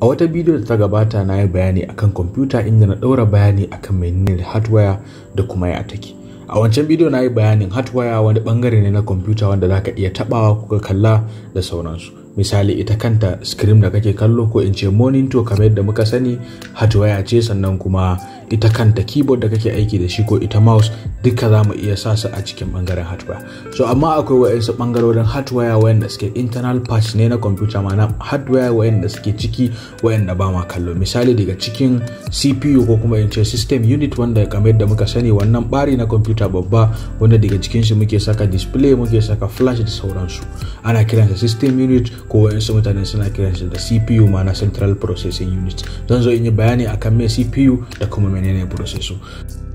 a wata bidiyo da ta gabata na yi bayani akan kwamfuta inda na ɗaura bayani akan menene hardware da kuma ya take a wancan bidiyo na yi bayanin hardware wani bangare ne na kwamfuta wanda za ka iya tabawa kuka kalla da sauransu misali ita kanta screen da kake kallo ko in ce monitor kamar yadda muka sani hardware ce sannan kuma ita kanta keyboard da kake aiki da shi ko ita mouse duka za mu iya sa su a cikin bangaren hardware so amma akwai wa'insu bangarorin hardware wayanda suke internal parts ne na computer ma'ana hardware wayanda suke ciki wayanda ba ma kallo misali daga cikin cpu ko kuma in ce system unit wanda kamar da muka sani wannan bari na computer babba wanda daga cikin shi muke saka display muke saka flash da sauransu ana kiransa system unit ko wayansu mutane suna kiransa da cpu ma'ana central processing unit zan zo in yi bayani akan me cpu da kuma menene processor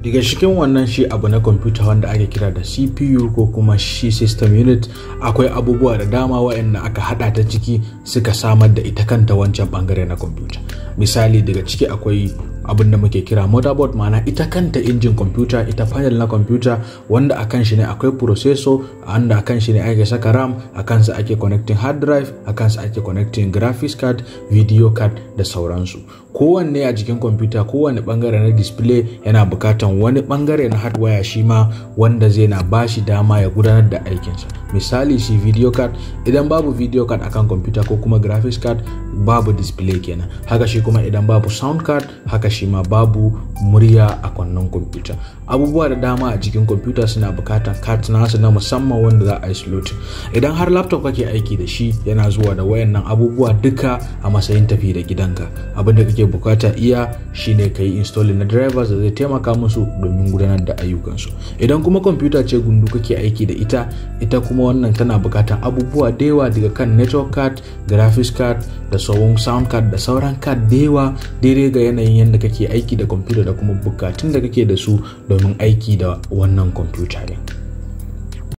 daga cikin wannan shi abu na kwamfuta wanda ake kira da cpu ko kuma shi system unit akwai abubuwa da dama waɗanda aka hada ta ciki suka samar da ita kanta wancan bangare na kwamfuta misali daga ciki akwai abin da muke kira motherboard mana ita kanta injin kwamfuta ita panel na kwamfuta wanda a kan shi ne akwai processor wanda a kan shi ne ake saka ram a kansa ake connecting hard drive a kansa ake connecting graphics card video card da sauransu kowanne a jikin kwamfuta kowanne bangare na display yana bukatan wani bangare na hardware shi ma wanda zai na bashi dama ya gudanar da aikinsa misali shi video card idan babu video card akan kwamfuta ko kuma graphics card babu display kenan haka shi kuma idan babu sound card haka shi ma babu murya a kwannan kwamfuta abubuwa da dama a jikin kwamfuta suna bukatan card nasu na musamman wanda za a yi slot idan har laptop kake aiki da shi yana zuwa da wayannan abubuwa duka a matsayin tafi da gidanka abin da kake ake bukata iya shine ka yi installing na drivers da zai taimaka musu domin gudanar da ayyukansu idan kuma kwamfuta ce gundu kake aiki da ita ita kuma wannan tana bukatan abubuwa da yawa daga kan network card graphics card da sauran sound card da sauran card da yawa daidai ga yanayin yadda kake aiki da kwamfuta da kuma bukatun da kake da su domin aiki da wannan kwamfuta ne.